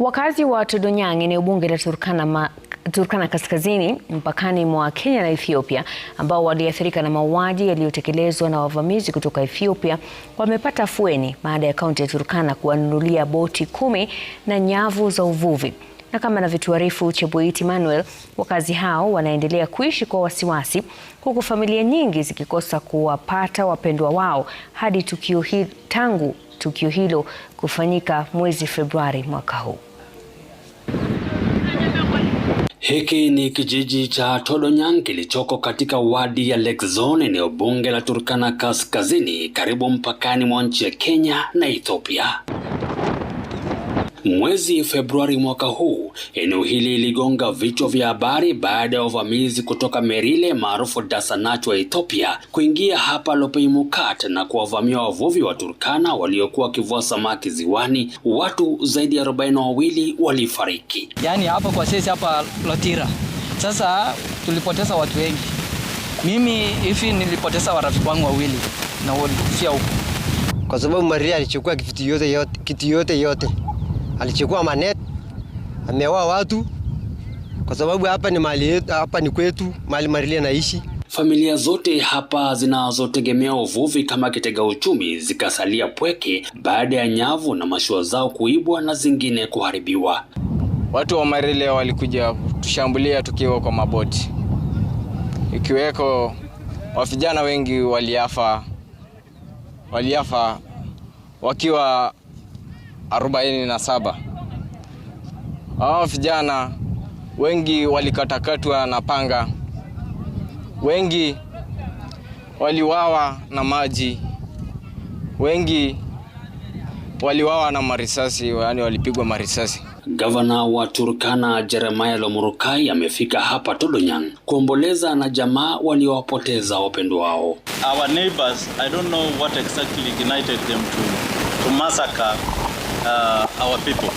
Wakazi wa Todonyang, eneo bunge la Turkana, ma, Turkana Kaskazini, mpakani mwa Kenya na Ethiopia, ambao waliathirika na mauaji yaliyotekelezwa na wavamizi kutoka Ethiopia, wamepata afueni baada ya kaunti ya Turkana kuwanunulia boti kumi na nyavu za uvuvi. Na kama anavyotuarifu Cheboit Manuel, wakazi hao wanaendelea kuishi kwa wasiwasi, huku familia nyingi zikikosa kuwapata wapendwa wao hadi tukio hili, tangu tukio hilo kufanyika mwezi Februari mwaka huu. Hiki ni kijiji cha Todonyang kilichoko katika wadi ya Lake Zone, eneo bunge la Turkana Kaskazini, karibu mpakani mwa nchi ya Kenya na Ethiopia. Mwezi Februari mwaka huu, eneo hili iligonga vichwa vya habari baada ya wavamizi kutoka Merile maarufu Dasanach wa Ethiopia kuingia hapa Lopei Mukat na kuwavamia wavuvi wa Turkana waliokuwa wakivua samaki ziwani. Watu zaidi ya arobaini na wawili walifariki. Yaani hapa kwa sisi hapa Lotira, sasa tulipoteza watu wengi. Mimi hivi nilipoteza warafiki wangu wawili na walikufa huko, kwa sababu Maria alichukua kitu yote yote, kitu yote yote alichukua manet ameoa watu, kwa sababu hapa ni mali yetu, hapa ni kwetu, mali Marilia naishi. Familia zote hapa zinazotegemea uvuvi kama kitega uchumi zikasalia pweke baada ya nyavu na mashua zao kuibwa na zingine kuharibiwa. Watu wa Marilia walikuja tushambulia tukiwa kwa maboti, ikiweko wavijana wengi waliafa, waliafa wakiwa 47. Hao vijana wengi walikatakatwa na panga, wengi waliwawa na maji, wengi waliwawa na marisasi, yaani walipigwa marisasi. Gavana wa Turkana Jeremiah Lomurukai amefika hapa todonyan kuomboleza na jamaa waliowapoteza wapendwa wao. Our neighbors, I don't know what exactly ignited them to, to massacre uh, our people.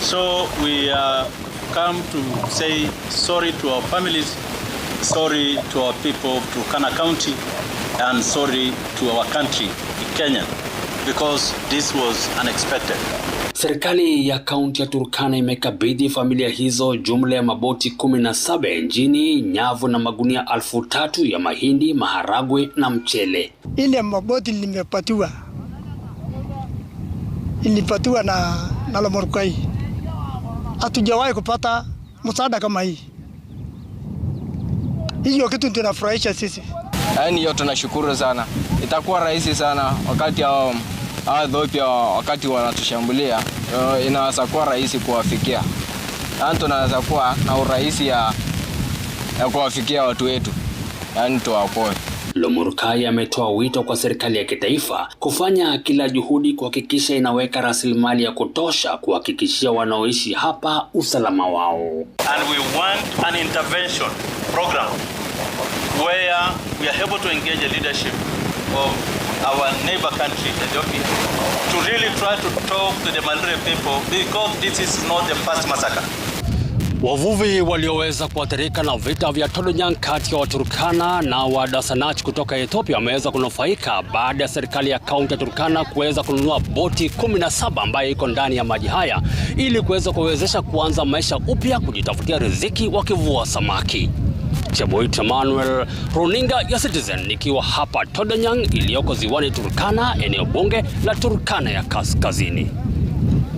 So we uh, come to say sorry to our families, sorry to our people of Turkana County, and sorry to our country, Kenya, because this was unexpected. Serikali ya kaunti ya Turkana imekabidhi familia hizo jumla ya maboti kumi na saba ya injini, nyavu na magunia alfu tatu ya mahindi, maharagwe na mchele. Ile maboti limepatiwa ilipatiwa na, na Lomurukai. Hatujawahi kupata msaada kama hii. Hiyo kitu tunafurahisha sisi. Yaani hiyo tunashukuru sana. Itakuwa rahisi sana wakati hao Ethiopia wakati wanatushambulia, eh, inaweza kuwa rahisi kuwafikia. Yaani tunaweza kuwa na urahisi ya, ya kuwafikia watu wetu, yaani tuwaokoe. Lomurukai ametoa wito kwa serikali ya kitaifa kufanya kila juhudi kuhakikisha inaweka rasilimali ya kutosha kuhakikishia wanaoishi hapa usalama wao. And we want an intervention program where we are able to engage the leadership of our neighbor country Ethiopia to really try to talk to the Malaria people because this is not the first massacre. Wavuvi walioweza kuathirika na vita vya Todonyang kati ya Waturkana na Wadasanach kutoka Ethiopia wameweza kunufaika baada ya serikali ya kaunti ya Turkana kuweza kununua boti 17 ambayo iko ndani ya maji haya ili kuweza kuwezesha kuanza maisha upya, kujitafutia riziki wakivua samaki. Cheboit Emmanuel, runinga ya Citizen, nikiwa hapa Todonyang iliyoko ziwani Turkana, eneo bunge la Turkana ya Kaskazini.